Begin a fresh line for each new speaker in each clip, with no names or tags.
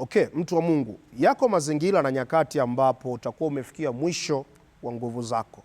Okay, mtu wa Mungu, yako mazingira na nyakati ambapo utakuwa umefikia mwisho wa nguvu zako.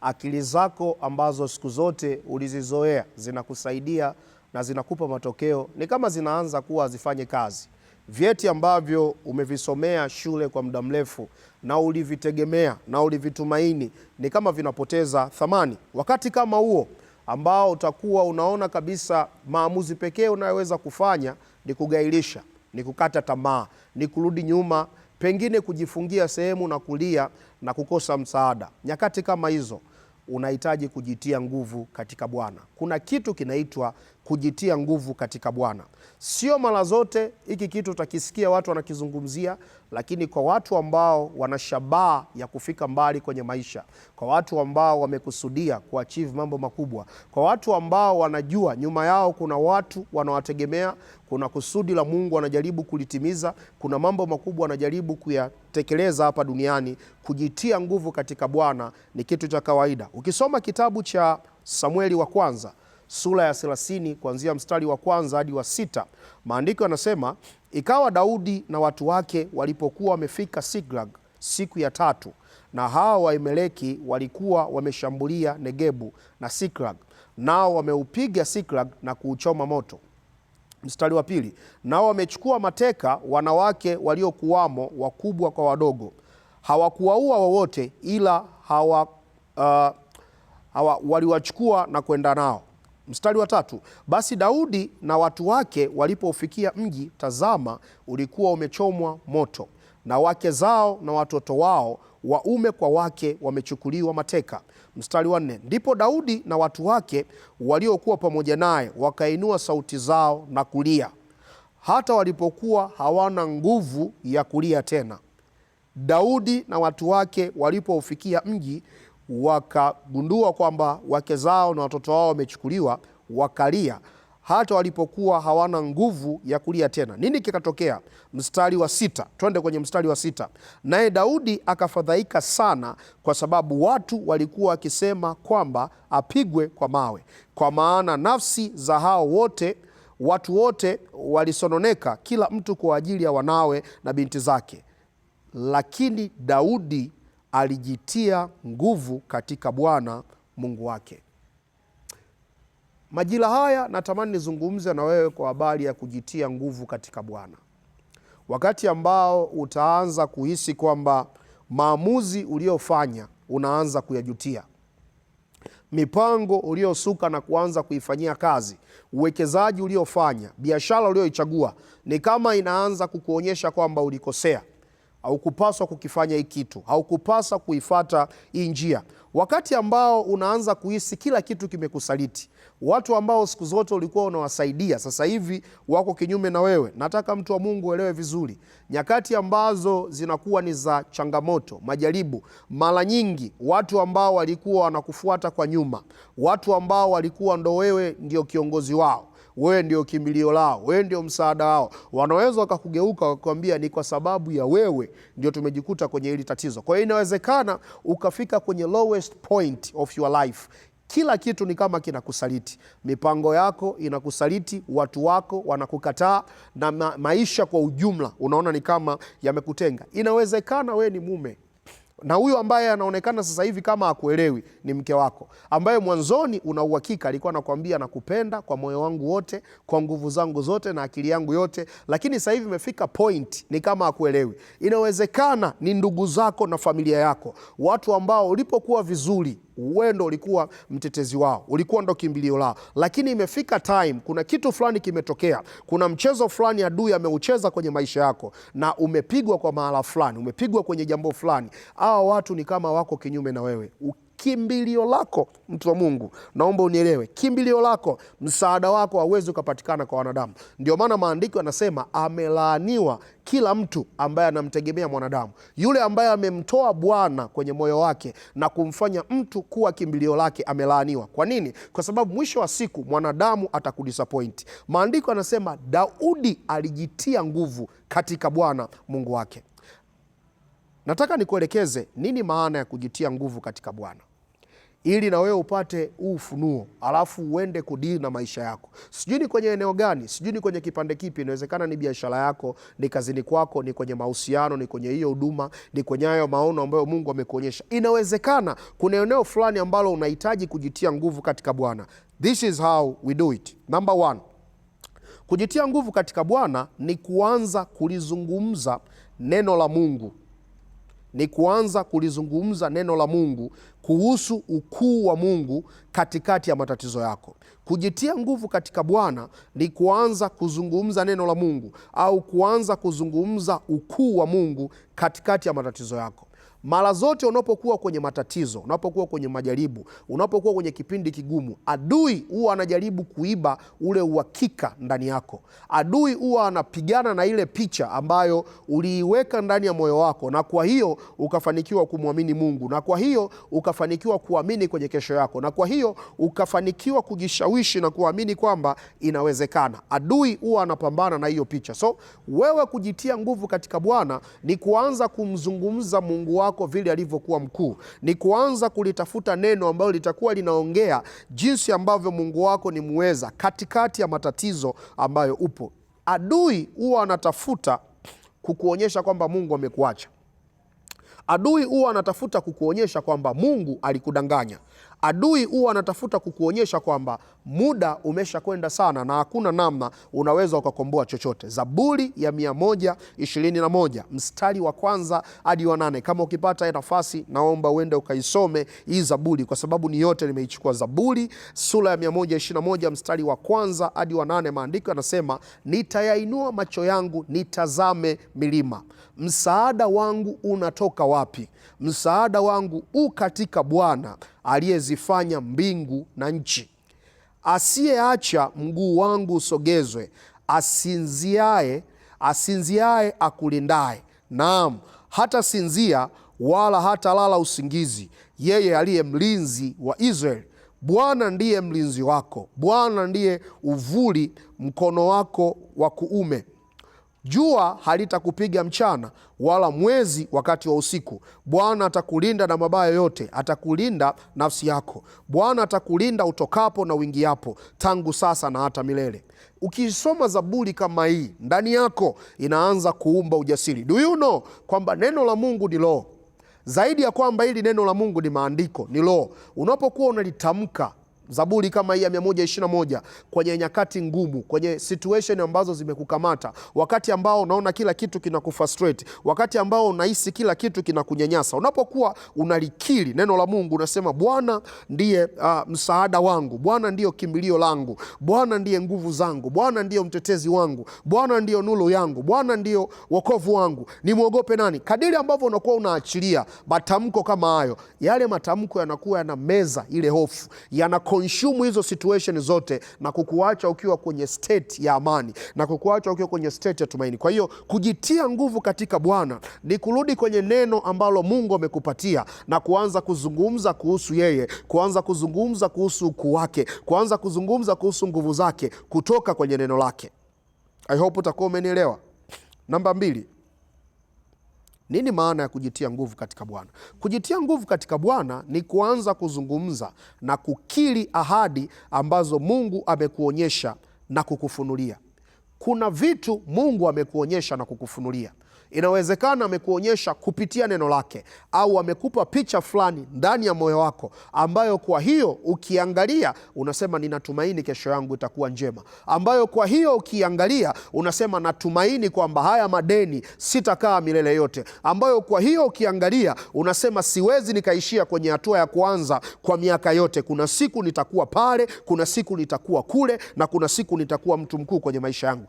Akili zako ambazo siku zote ulizizoea zinakusaidia na zinakupa matokeo ni kama zinaanza kuwa hazifanye kazi. Vyeti ambavyo umevisomea shule kwa muda mrefu na ulivitegemea na ulivitumaini ni kama vinapoteza thamani. Wakati kama huo ambao utakuwa unaona kabisa maamuzi pekee unayoweza kufanya ni kugailisha ni kukata tamaa, ni kurudi nyuma, pengine kujifungia sehemu na kulia na kukosa msaada. Nyakati kama hizo unahitaji kujitia nguvu katika Bwana. Kuna kitu kinaitwa kujitia nguvu katika Bwana. Sio mara zote hiki kitu utakisikia watu wanakizungumzia, lakini kwa watu ambao wana shabaha ya kufika mbali kwenye maisha, kwa watu ambao wamekusudia kuachieve mambo makubwa, kwa watu ambao wanajua nyuma yao kuna watu wanawategemea, kuna kusudi la Mungu wanajaribu kulitimiza, kuna mambo makubwa wanajaribu kuyatekeleza hapa duniani, kujitia nguvu katika Bwana ni kitu cha kawaida. Ukisoma kitabu cha Samueli wa kwanza sura ya 30 kuanzia mstari wa kwanza hadi wa sita. Maandiko yanasema ikawa Daudi na watu wake walipokuwa wamefika Siklag siku ya tatu, na hawa Waimeleki walikuwa wameshambulia Negebu na Siklag, nao wameupiga Siklag na kuuchoma moto. Mstari wa pili, nao wamechukua mateka wanawake waliokuwamo, wakubwa kwa wadogo, hawakuwaua wowote, ila hawa, uh, hawa waliwachukua na kwenda nao Mstari wa tatu, basi Daudi na watu wake walipoufikia mji, tazama, ulikuwa umechomwa moto, na wake zao na watoto wao waume kwa wake wamechukuliwa mateka. Mstari wa nne, ndipo Daudi na watu wake waliokuwa pamoja naye wakainua sauti zao na kulia, hata walipokuwa hawana nguvu ya kulia tena. Daudi na watu wake walipoufikia mji wakagundua kwamba wake zao na watoto wao wamechukuliwa, wakalia hata walipokuwa hawana nguvu ya kulia tena. Nini kikatokea? Mstari wa sita, twende kwenye mstari wa sita. Naye Daudi akafadhaika sana, kwa sababu watu walikuwa wakisema kwamba apigwe kwa mawe, kwa maana nafsi za hao wote watu wote walisononeka, kila mtu kwa ajili ya wanawe na binti zake. Lakini Daudi alijitia nguvu katika Bwana Mungu wake. Majira haya natamani nizungumze na wewe kwa habari ya kujitia nguvu katika Bwana, wakati ambao utaanza kuhisi kwamba maamuzi uliofanya unaanza kuyajutia, mipango uliosuka na kuanza kuifanyia kazi, uwekezaji uliofanya, biashara ulioichagua, ni kama inaanza kukuonyesha kwamba ulikosea haukupaswa kukifanya hii kitu, haukupaswa kuifata hii njia. Wakati ambao unaanza kuhisi kila kitu kimekusaliti, watu ambao siku zote ulikuwa unawasaidia sasa hivi wako kinyume na wewe. Nataka mtu wa Mungu uelewe vizuri, nyakati ambazo zinakuwa ni za changamoto, majaribu, mara nyingi watu ambao walikuwa wanakufuata kwa nyuma, watu ambao walikuwa ndo wewe ndio kiongozi wao wewe ndio kimbilio lao, wewe ndio msaada wao. Wanaweza wakakugeuka wakakwambia, ni kwa sababu ya wewe ndio tumejikuta kwenye hili tatizo. Kwa hiyo inawezekana ukafika kwenye lowest point of your life kila kitu ni kama kinakusaliti, mipango yako inakusaliti, watu wako wanakukataa, na ma maisha kwa ujumla unaona ni kama yamekutenga. Inawezekana wewe ni mume na huyu ambaye anaonekana sasa hivi kama akuelewi ni mke wako, ambaye mwanzoni una uhakika alikuwa anakuambia nakupenda kwa moyo wangu wote, kwa nguvu zangu zote na akili yangu yote, lakini sasa hivi imefika point ni kama akuelewi. Inawezekana ni ndugu zako na familia yako, watu ambao ulipokuwa vizuri wewe ndo ulikuwa mtetezi wao, ulikuwa ndo kimbilio lao, lakini imefika time, kuna kitu fulani kimetokea, kuna mchezo fulani adui ameucheza kwenye maisha yako, na umepigwa kwa mahala fulani, umepigwa kwenye jambo fulani. Hawa watu ni kama wako kinyume na wewe kimbilio lako, mtu wa Mungu, naomba unielewe, kimbilio lako, msaada wako hauwezi ukapatikana kwa wanadamu. Ndio maana maandiko yanasema amelaaniwa kila mtu ambaye anamtegemea mwanadamu, yule ambaye amemtoa Bwana kwenye moyo wake na kumfanya mtu kuwa kimbilio lake, amelaaniwa. Kwa nini? Kwa sababu mwisho wa siku mwanadamu atakudisapointi. Maandiko yanasema Daudi alijitia nguvu katika Bwana Mungu wake. Nataka nikuelekeze nini maana ya kujitia nguvu katika Bwana ili na wewe upate huu ufunuo, alafu uende kudili na maisha yako. Sijui ni kwenye eneo gani, sijui ni kwenye kipande kipi. Inawezekana ni biashara yako, ni kazini kwako, ni kwenye mahusiano, ni kwenye hiyo huduma, ni kwenye hayo maono ambayo Mungu amekuonyesha. Inawezekana kuna eneo fulani ambalo unahitaji kujitia nguvu katika Bwana. This is how we do it. Number one, kujitia nguvu katika Bwana ni kuanza kulizungumza neno la Mungu ni kuanza kulizungumza neno la Mungu kuhusu ukuu wa Mungu katikati ya matatizo yako. Kujitia nguvu katika Bwana ni kuanza kuzungumza neno la Mungu au kuanza kuzungumza ukuu wa Mungu katikati ya matatizo yako. Mara zote unapokuwa kwenye matatizo, unapokuwa kwenye majaribu, unapokuwa kwenye kipindi kigumu, adui huwa anajaribu kuiba ule uhakika ndani yako. Adui huwa anapigana na ile picha ambayo uliiweka ndani ya moyo wako, na kwa hiyo ukafanikiwa kumwamini Mungu, na kwa hiyo ukafanikiwa kuamini kwenye kesho yako, na kwa hiyo ukafanikiwa kujishawishi na kuamini kwamba inawezekana. Adui huwa anapambana na hiyo picha. So wewe kujitia nguvu katika Bwana ni kuanza kumzungumza Mungu wako wako vile alivyokuwa mkuu, ni kuanza kulitafuta neno ambalo litakuwa linaongea jinsi ambavyo Mungu wako ni muweza katikati ya matatizo ambayo upo. Adui huwa anatafuta kukuonyesha kwamba Mungu amekuacha. Adui huwa anatafuta kukuonyesha kwamba Mungu alikudanganya. Adui huwa anatafuta kukuonyesha kwamba muda umeshakwenda sana na hakuna namna unaweza ukakomboa chochote. Zaburi ya 121 mstari wa kwanza hadi wa nane. Kama ukipata nafasi, naomba uende ukaisome hii Zaburi kwa sababu ni yote nimeichukua. Zaburi sura ya 121 mstari wa kwanza hadi wa nane, maandiko yanasema nitayainua macho yangu nitazame milima, msaada wangu unatoka wapi? wapi? Msaada wangu u katika Bwana aliyezifanya mbingu na nchi. Asiyeacha mguu wangu usogezwe, asinziae asinziae akulindaye, naam hata sinzia wala hata lala usingizi, yeye aliye mlinzi wa Israeli. Bwana ndiye mlinzi wako, Bwana ndiye uvuli mkono wako wa kuume Jua halitakupiga mchana, wala mwezi wakati wa usiku. Bwana atakulinda na mabaya yote, atakulinda nafsi yako. Bwana atakulinda utokapo na uingiapo, tangu sasa na hata milele. Ukisoma Zaburi kama hii, ndani yako inaanza kuumba ujasiri. Do you know kwamba neno la Mungu ni roho, zaidi ya kwamba hili neno la Mungu ni maandiko, ni roho. Unapokuwa unalitamka Zaburi kama hii ya 121 kwenye nyakati ngumu, kwenye situation ambazo zimekukamata, wakati ambao unaona kila kitu kinakufrustrate, wakati ambao unahisi kila kitu kinakunyanyasa, unapokuwa unalikiri neno la Mungu unasema, Bwana ndiye uh, msaada wangu, Bwana ndiyo kimbilio langu, Bwana ndiye nguvu zangu, Bwana ndiyo mtetezi wangu, Bwana ndiyo nuru yangu, Bwana ndiyo wokovu wangu, nimwogope nani? Kadiri ambavyo unakuwa unaachilia matamko kama hayo, yale matamko yanakuwa meza ile hofu yana kuishumu hizo situation zote na kukuacha ukiwa kwenye state ya amani na kukuacha ukiwa kwenye state ya tumaini. Kwa hiyo kujitia nguvu katika Bwana ni kurudi kwenye neno ambalo Mungu amekupatia na kuanza kuzungumza kuhusu yeye, kuanza kuzungumza kuhusu ukuu wake, kuanza kuzungumza kuhusu nguvu zake kutoka kwenye neno lake. I hope utakuwa umenielewa. Namba mbili, nini maana ya kujitia nguvu katika Bwana? Kujitia nguvu katika Bwana ni kuanza kuzungumza na kukiri ahadi ambazo Mungu amekuonyesha na kukufunulia. Kuna vitu Mungu amekuonyesha na kukufunulia, Inawezekana amekuonyesha kupitia neno lake au amekupa picha fulani ndani ya moyo wako, ambayo kwa hiyo ukiangalia unasema ninatumaini kesho yangu itakuwa njema, ambayo kwa hiyo ukiangalia unasema natumaini kwamba haya madeni sitakaa milele yote, ambayo kwa hiyo ukiangalia unasema siwezi nikaishia kwenye hatua ya kwanza kwa miaka yote. Kuna siku nitakuwa pale, kuna siku nitakuwa kule, na kuna siku nitakuwa mtu mkuu kwenye maisha yangu.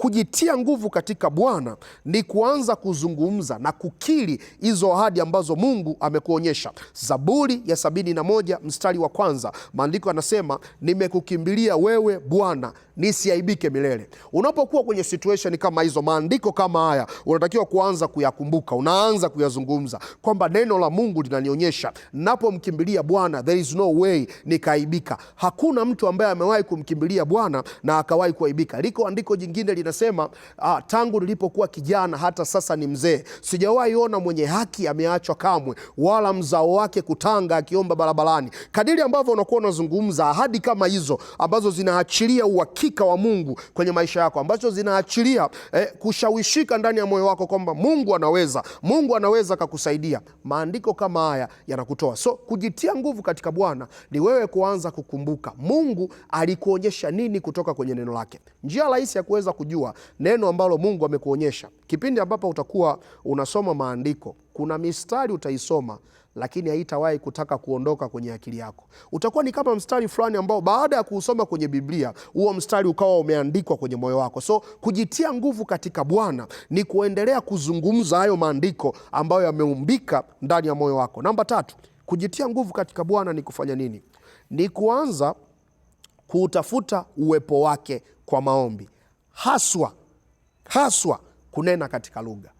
Kujitia nguvu katika Bwana ni kuanza kuzungumza na kukiri hizo ahadi ambazo Mungu amekuonyesha. Zaburi ya sabini na moja mstari wa kwanza, maandiko anasema nimekukimbilia wewe Bwana, nisiaibike milele. Unapokuwa kwenye situation kama hizo, maandiko kama haya unatakiwa kuanza kuyakumbuka, unaanza kuyazungumza kwamba neno la Mungu linanionyesha napomkimbilia Bwana there is no way nikaaibika. Hakuna mtu ambaye amewahi kumkimbilia Bwana na akawahi kuaibika. Liko andiko jingine inasema ah, tangu nilipokuwa kijana hata sasa ni mzee, sijawahi ona mwenye haki ameachwa kamwe, wala mzao wake kutanga akiomba barabarani. Kadiri ambavyo unakuwa unazungumza ahadi kama hizo ambazo zinaachilia uhakika wa Mungu kwenye maisha yako, ambazo zinaachilia eh, kushawishika ndani ya moyo wako kwamba Mungu anaweza, Mungu anaweza akakusaidia. Maandiko kama haya yanakutoa. So kujitia nguvu katika Bwana ni wewe kuanza kukumbuka Mungu alikuonyesha nini kutoka kwenye neno lake. Njia rahisi ya kuweza kujua kujua neno ambalo Mungu amekuonyesha. Kipindi ambapo utakuwa unasoma maandiko, kuna mistari utaisoma lakini haitawahi kutaka kuondoka kwenye akili yako. Utakuwa ni kama mstari fulani ambao baada ya kuusoma kwenye Biblia, huo mstari ukawa umeandikwa kwenye moyo wako. So kujitia nguvu katika Bwana ni kuendelea kuzungumza hayo maandiko ambayo yameumbika ndani ya moyo wako. Namba tatu, kujitia nguvu katika Bwana ni kufanya nini? Ni kuanza kuutafuta uwepo wake kwa maombi haswa haswa kunena katika lugha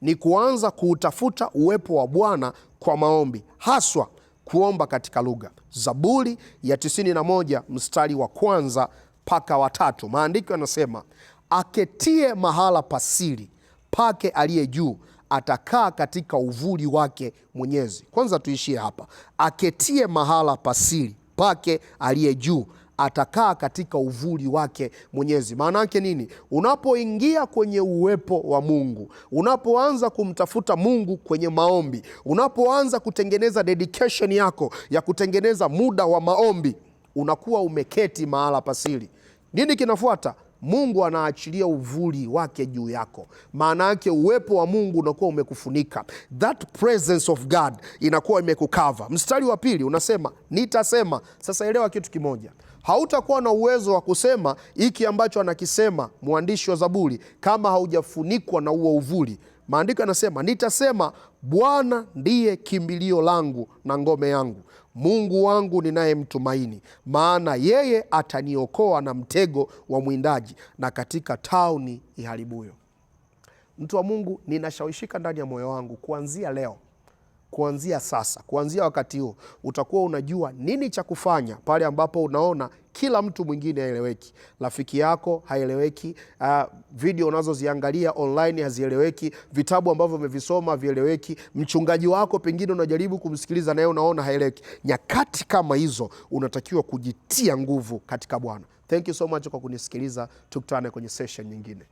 ni kuanza kuutafuta uwepo wa Bwana kwa maombi, haswa kuomba katika lugha. Zaburi ya 91 mstari wa kwanza mpaka watatu, maandiko yanasema aketie mahala pasiri pake aliye juu atakaa katika uvuli wake Mwenyezi. Kwanza tuishie hapa, aketie mahala pasiri pake aliye juu atakaa katika uvuli wake Mwenyezi. Maana yake nini? Unapoingia kwenye uwepo wa Mungu, unapoanza kumtafuta Mungu kwenye maombi, unapoanza kutengeneza dedication yako ya kutengeneza muda wa maombi, unakuwa umeketi mahala pasiri. Nini kinafuata? Mungu anaachilia uvuli wake juu yako. Maana yake uwepo wa Mungu unakuwa umekufunika, that presence of God inakuwa imekukava. Mstari wa pili unasema nitasema. Sasa elewa kitu kimoja hautakuwa na uwezo wa kusema hiki ambacho anakisema mwandishi wa Zaburi kama haujafunikwa na uo uvuli. Maandiko yanasema nitasema, Bwana ndiye kimbilio langu na ngome yangu, Mungu wangu ninayemtumaini, maana yeye ataniokoa na mtego wa mwindaji na katika tauni iharibuyo. Mtu wa Mungu, ninashawishika ndani ya moyo wangu kuanzia leo kuanzia sasa, kuanzia wakati huu utakuwa unajua nini cha kufanya pale ambapo unaona kila mtu mwingine haeleweki, rafiki yako haeleweki, uh, video unazoziangalia online hazieleweki, vitabu ambavyo umevisoma havieleweki, mchungaji wako pengine unajaribu kumsikiliza naye unaona haeleweki. Nyakati kama hizo unatakiwa kujitia nguvu katika Bwana. Thank you so much kwa kunisikiliza, tukutane kwenye session nyingine.